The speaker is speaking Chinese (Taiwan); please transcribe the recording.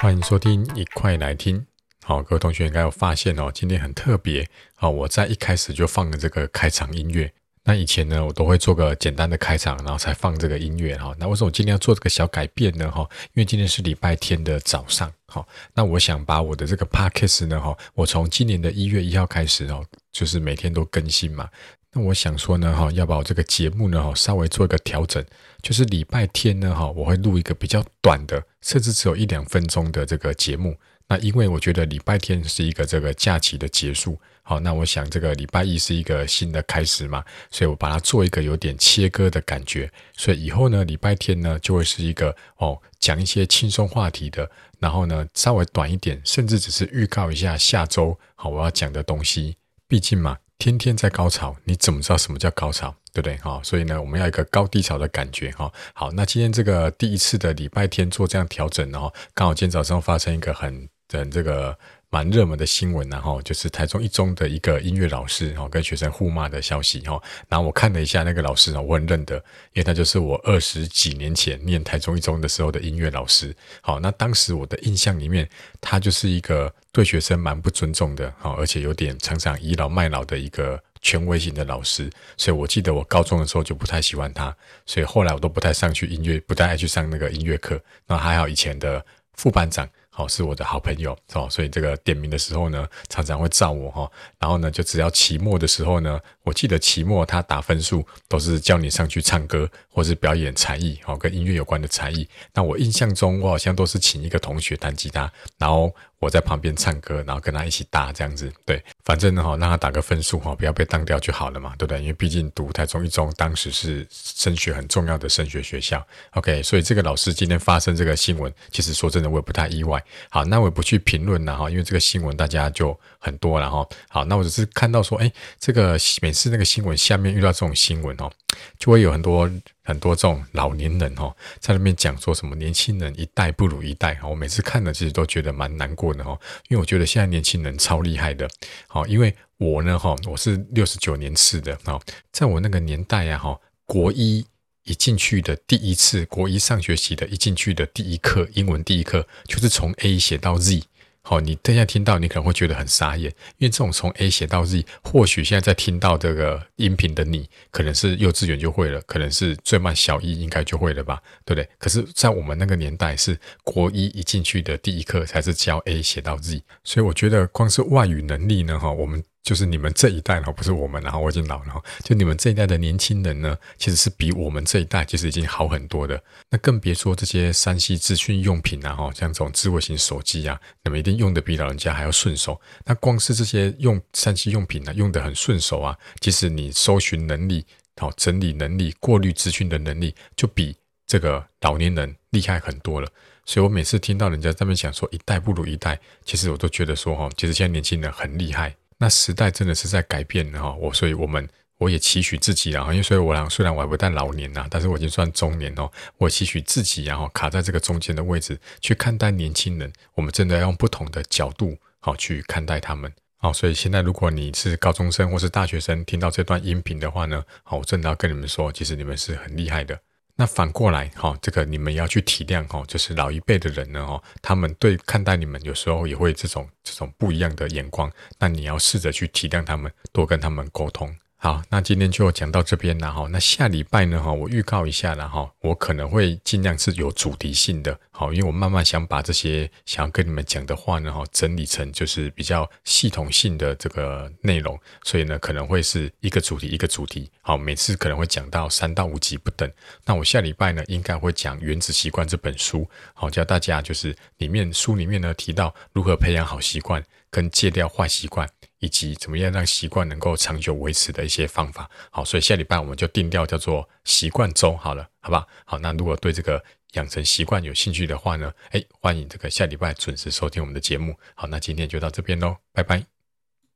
歡迎收聽，一塊來聽。好、哦，各位同學應該有發現哦，今天很特別哦。我在一開始就放了這個開場音樂。那以前呢，我都會做個簡單的開場，然後才放這個音樂哈、哦。那為什麼我今天要做這個小改變呢？哈、哦，因為今天是禮拜天的早上。哦，那我想把我的這個 podcast 呢，哈、哦，我從今年的一月一號開始，哦，就是每天都更新嘛。那我想說呢，哈、哦，要把我這個節目呢，哈、哦，稍微做一個調整，就是禮拜天呢，哈、哦，我會錄一個比較短的，甚至只有一兩分鐘的這個節目。那因為我覺得禮拜天是一個這個假期的結束，好、哦，那我想這個禮拜一是一個新的開始嘛，所以我把它做一個有點切割的感覺。所以以後呢，禮拜天呢，就會是一個哦，講一些輕鬆話題的，然後呢，稍微短一點，甚至只是預告一下下周，好，我要講的東西，畢竟嘛。天天在高潮，你怎麼知道什麼叫高潮，對不對？哈，所以呢，我們要一個高低潮的感覺，哈。好，那今天這個第一次的禮拜天做這樣調整，然後剛好今天早上發生一個很、很這個蠻熱門的新聞啊，然後就是台中一中的一個音樂老師跟學生互罵的消息，哈。然後我看了一下那個老師，我很認得，因為他就是我二十幾年前念台中一中的時候的音樂老師。好，那當時我的印象裡面，他就是一個。對學生蠻不尊重的哈，而且有點常常倚老賣老的一個權威型的老師，所以我記得我高中的時候就不太喜歡他，所以後來我都不太上去音樂，不太愛去上那個音樂課。那還好以前的副班長。哦，是我的好朋友哦，所以這個點名的時候呢，常常會叫我哈。然後呢，就只要期末的時候呢，我記得期末他打分數都是叫你上去唱歌或是表演才藝，哈，跟音樂有關的才藝。那我印象中，我好像都是請一個同學彈吉他，然後我在旁邊唱歌，然後跟他一起打這樣子。對，反正呢，哈，讓他打個分數哈，不要被當掉就好了嘛，對不對？因為畢竟讀台中一中，當時是升學很重要的升學學校。OK，所以這個老師今天發生這個新聞，其實說真的，我也不太意外。好，那我也不去評論了哈，因為這個新聞大家就很多了哈。好，那我只是看到說，誒，這個每次那個新聞下面遇到這種新聞哦，就會有很多很多這種老年人哦，在那邊講說什麼年輕人一代不如一代哈。我每次看了其實都覺得蠻難過的哈，因為我覺得現在年輕人超厲害的。好，因為我呢哈，我是六十九年次的哈，在我那個年代呀、啊、哈，國一。一進去的第一次國一上學期的一進去的第一課英文第一課就是從 A 寫到 Z。好、哦，你等下聽到，你可能會覺得很傻眼，因為這種從 A 寫到 Z，或許現在在聽到這個音頻的你，可能是幼稚園就會了，可能是最慢小一、e、應該就會了吧，對不對？可是，在我們那個年代，是國一一進去的第一課才是教 A 寫到 Z，所以我覺得光是外語能力呢，哈、哦，我們。就是你們這一代，不是我們，然後我已經老了。就你們這一代的年輕人呢，其實是比我們這一代其實已經好很多的。那更別說這些 3C 資訊用品啊，像這種智慧型手機啊，你們一定用得比老人家還要順手。那光是這些用 3C 用品呢、啊，用得很順手啊，其實你搜尋能力、哦，整理能力、過濾資訊的能力，就比這個老年人厲害很多了。所以我每次聽到人家這麼講說一代不如一代，其實我都覺得說其實現在年輕人很厲害。那時代真的是在改變的哈，我所以，我們我也期許自己啊，因為所以我雖然我還不但老年了，但是我已經算中年哦，我也期許自己然後卡在這個中間的位置去看待年輕人，我們真的要用不同的角度好去看待他們哦。所以現在如果你是高中生或是大學生，聽到這段音頻的話呢，好，我真的要跟你們說，其實你們是很厲害的。那反過來哈，這個你們要去體諒哈，就是老一輩的人呢哈，他們對看待你們有時候也會這種這種不一樣的眼光，那你要試着去體諒他們，多跟他們溝通。好，那今天就講到這邊了哈。那下禮拜呢哈，我預告一下了哈，我可能會盡量是有主題性的，好，因為我慢慢想把這些想要跟你們講的話呢哈，整理成就是比較系統性的這個內容，所以呢可能會是一個主題一個主題，好，每次可能會講到三到五集不等。那我下禮拜呢應該會講《原子習慣》這本書，好，教大家就是裡面書裡面呢提到如何培養好習慣跟戒掉壞習慣。以及怎麼樣讓習慣能夠長久維持的一些方法，好，所以下禮拜我們就定調叫做習慣週好了，好不好？好，那如果對這個養成習慣有興趣的話呢，哎，歡迎這個下禮拜準時收聽我們的節目。好，那今天就到這邊嘍，拜拜。